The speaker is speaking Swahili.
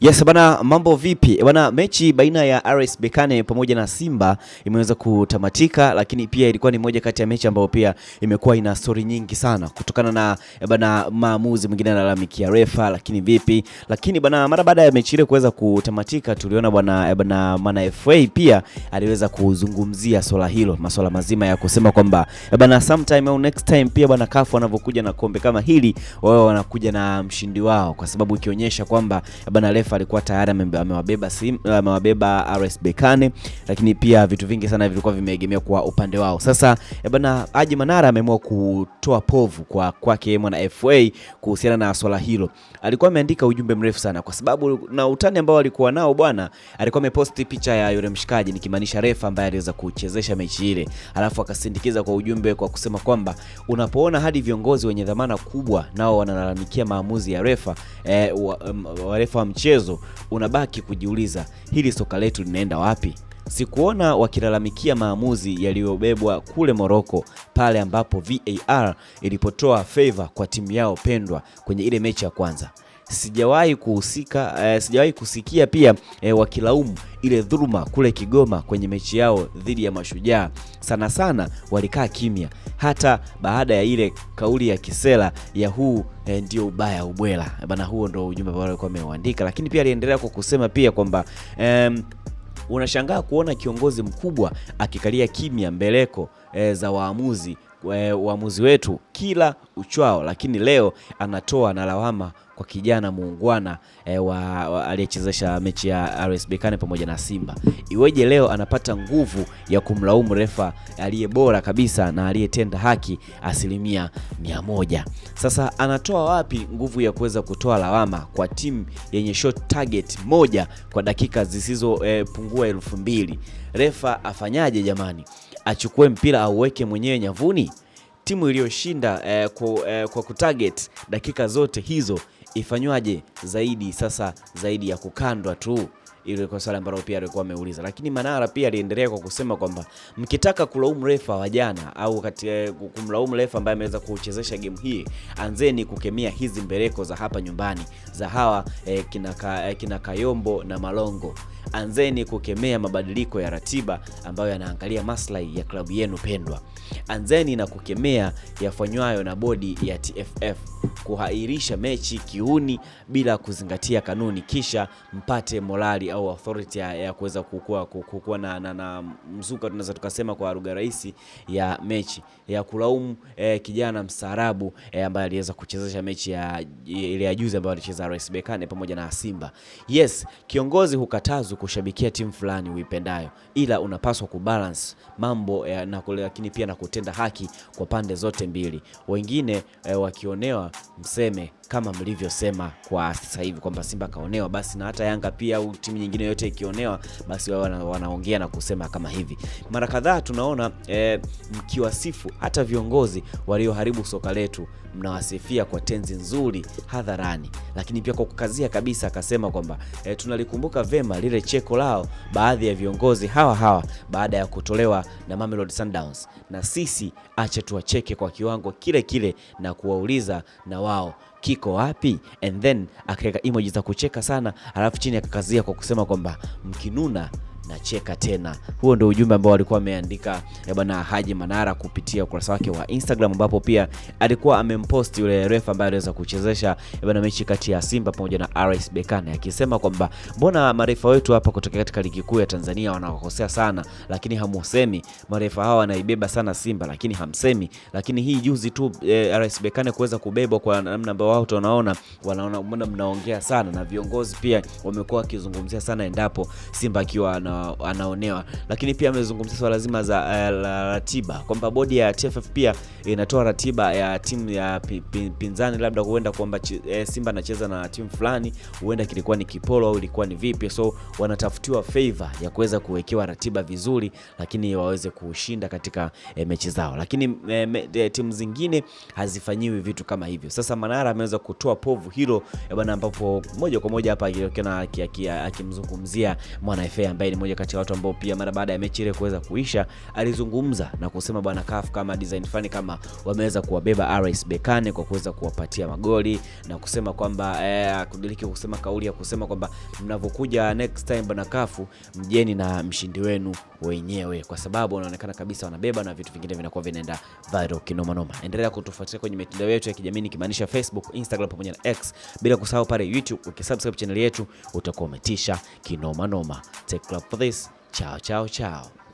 Yes bana, mambo vipi eh, bana? Mechi baina ya RS Berkane pamoja na Simba imeweza kutamatika, lakini pia ilikuwa ni moja kati ya mechi ambayo pia imekuwa ina story nyingi sana kutokana na eh, bana maamuzi mwingine analalamikia refa, lakini vipi, lakini bana, mara baada ya mechi ile kuweza kutamatika, tuliona bwana eh, bana maana FA pia aliweza kuzungumzia swala hilo, masuala mazima ya kusema kwamba bana sometime au next time pia bana CAF wanavyokuja na kombe kama hili, wao wanakuja na mshindi wao, kwa sababu ikionyesha kwamba bana Def alikuwa tayari amewabeba simu, amewabeba RS Berkane, lakini pia vitu vingi sana vilikuwa vimeegemea kwa upande wao. Sasa eh, bwana Haji Manara ameamua kutoa povu kwa kwake yeye mwana FA kuhusiana na swala hilo. Alikuwa ameandika ujumbe mrefu sana, kwa sababu na utani ambao alikuwa nao bwana, alikuwa ameposti picha ya yule mshikaji, nikimaanisha refa ambaye aliweza kuchezesha mechi ile, alafu akasindikiza kwa ujumbe kwa kusema kwamba unapoona hadi viongozi wenye dhamana kubwa nao wanalalamikia maamuzi ya refa eh, wa, wa refa wa mchezo mchezo unabaki kujiuliza hili soka letu linaenda wapi? Sikuona wakilalamikia maamuzi yaliyobebwa kule moroko pale ambapo VAR ilipotoa favor kwa timu yao pendwa kwenye ile mechi ya kwanza sijawahi kuhusika eh, sijawahi kusikia pia eh, wakilaumu ile dhuluma kule Kigoma kwenye mechi yao dhidi ya Mashujaa. Sana sana walikaa kimya, hata baada ya ile kauli ya Kisela ya huu eh, ndio ubaya ubwela bana. Huo ndio ujumbe ambao walikuwa ameuandika, lakini pia aliendelea kwa kusema pia kwamba eh, unashangaa kuona kiongozi mkubwa akikalia kimya mbeleko eh, za waamuzi Eh, uamuzi wetu kila uchwao, lakini leo anatoa na lawama kwa kijana muungwana e, wa, wa aliyechezesha mechi ya RS Berkane pamoja na Simba. Iweje leo anapata nguvu ya kumlaumu refa aliye bora kabisa na aliyetenda haki asilimia mia moja? Sasa anatoa wapi nguvu ya kuweza kutoa lawama kwa timu yenye shot target moja kwa dakika zisizopungua e, elfu mbili? Refa afanyaje jamani? achukue mpira auweke mwenyewe nyavuni. Timu iliyoshinda eh, kwa, eh, kwa kutarget dakika zote hizo ifanywaje zaidi sasa, zaidi ya kukandwa tu ilikuwa swali ambalo pia alikuwa ameuliza, lakini Manara pia aliendelea kwa kusema kwamba mkitaka kulaumu refa wa jana au kati eh, kumlaumu refa ambaye ameweza kuchezesha game hii, anzeni kukemea hizi mbeleko za hapa nyumbani za hawa eh, kina, ka, eh, kina Kayombo na Malongo. Anzeni kukemea mabadiliko ya ratiba ambayo yanaangalia maslahi ya klabu yenu pendwa. Anzeni na kukemea yafanywayo na bodi ya TFF kuhairisha mechi kiuni bila kuzingatia kanuni, kisha mpate morali au authority ya kuweza kukua, kukua na, na, na mzuka tunaweza tukasema kwa lugha rahisi ya mechi ya kulaumu eh, kijana mstaarabu eh, ambaye aliweza kuchezesha mechi ya ile ya juzi ambayo alicheza RS Berkane pamoja na Simba. Yes, kiongozi hukatazwi kushabikia timu fulani uipendayo, ila unapaswa kubalance mambo eh, na lakini pia na kutenda haki kwa pande zote mbili, wengine eh, wakionewa mseme kama mlivyosema kwa sasa hivi kwamba Simba kaonewa, basi na hata Yanga pia au timu nyingine yote ikionewa, basi wao wana, wanaongea na kusema kama hivi. Mara kadhaa tunaona e, mkiwasifu hata viongozi walioharibu soka letu, mnawasifia kwa tenzi nzuri hadharani, lakini pia kwa kukazia kabisa akasema kwamba e, tunalikumbuka vema lile cheko lao baadhi ya viongozi hawa hawa baada ya kutolewa na Mamelodi Sundowns, na sisi acha tuwacheke kwa kiwango kile kile na kuwauliza na wao kiko wapi, and then akaweka emoji za kucheka sana, alafu chini akakazia kwa kusema kwamba mkinuna nacheka tena. Huo ndio ujumbe ambao alikuwa ameandika eh, bwana Haji Manara kupitia ukurasa wake wa Instagram, ambapo pia alikuwa amempost yule refa ambaye aliweza kuchezesha eh, bwana mechi kati ya Simba pamoja na RS Berkane, akisema kwamba mbona marefa wetu hapa kutoka katika ligi kuu ya Tanzania wanakosea sana, lakini hamusemi. Marefa hawa wanaibeba sana Simba, lakini hamsemi. Lakini hii juzi tu eh, RS Berkane kuweza kubebwa kwa namna ambayo wao tunaona wanaona mbona mnaongea sana, na viongozi pia wamekuwa wakizungumzia sana endapo Simba akiwa na uh, anaonewa, lakini pia amezungumzia swala zima za uh, la ratiba kwamba bodi ya TFF pia inatoa ratiba ya timu ya pinzani, labda huenda kwamba eh, Simba anacheza na timu fulani, huenda kilikuwa ni kipolo au ilikuwa ni vipi, so wanatafutiwa favor ya kuweza kuwekewa ratiba vizuri, lakini waweze kushinda katika eh, mechi zao, lakini eh, me, de, timu zingine hazifanyiwi vitu kama hivyo. Sasa Manara ameweza kutoa povu hilo eh, bwana, ambapo moja kwa moja hapa akimzungumzia mwana FA ambaye ni mmoja kati ya watu ambao pia mara baada ya mechi ile kuweza kuisha alizungumza na kusema bwana CAF kama design fani kama wameweza kuwabeba RS Berkane kwa kuweza kuwapatia magoli na kusema kwamba eh, kudiriki kusema kauli ya kusema kwamba mnavyokuja next time bwana CAF mjeni na mshindi wenu wenyewe, kwa sababu wanaonekana kabisa wanabeba na vitu vingine vinakuwa vinaenda viral kinoma noma. Endelea kutufuatilia kwenye mitandao yetu ya kijamii nikimaanisha Facebook, Instagram pamoja na X, bila kusahau pale YouTube. Ukisubscribe channel yetu utakuwa umetisha kinoma noma. Take club for this. Ciao, ciao, ciao.